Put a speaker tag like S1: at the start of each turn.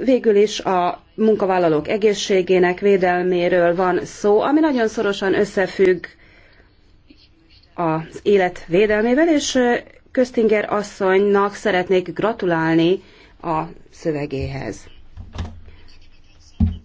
S1: Végül is a munkavállalók egészségének védelméről van szó, ami nagyon szorosan összefügg az élet védelmével, és Köztinger asszonynak szeretnék gratulálni a szövegéhez.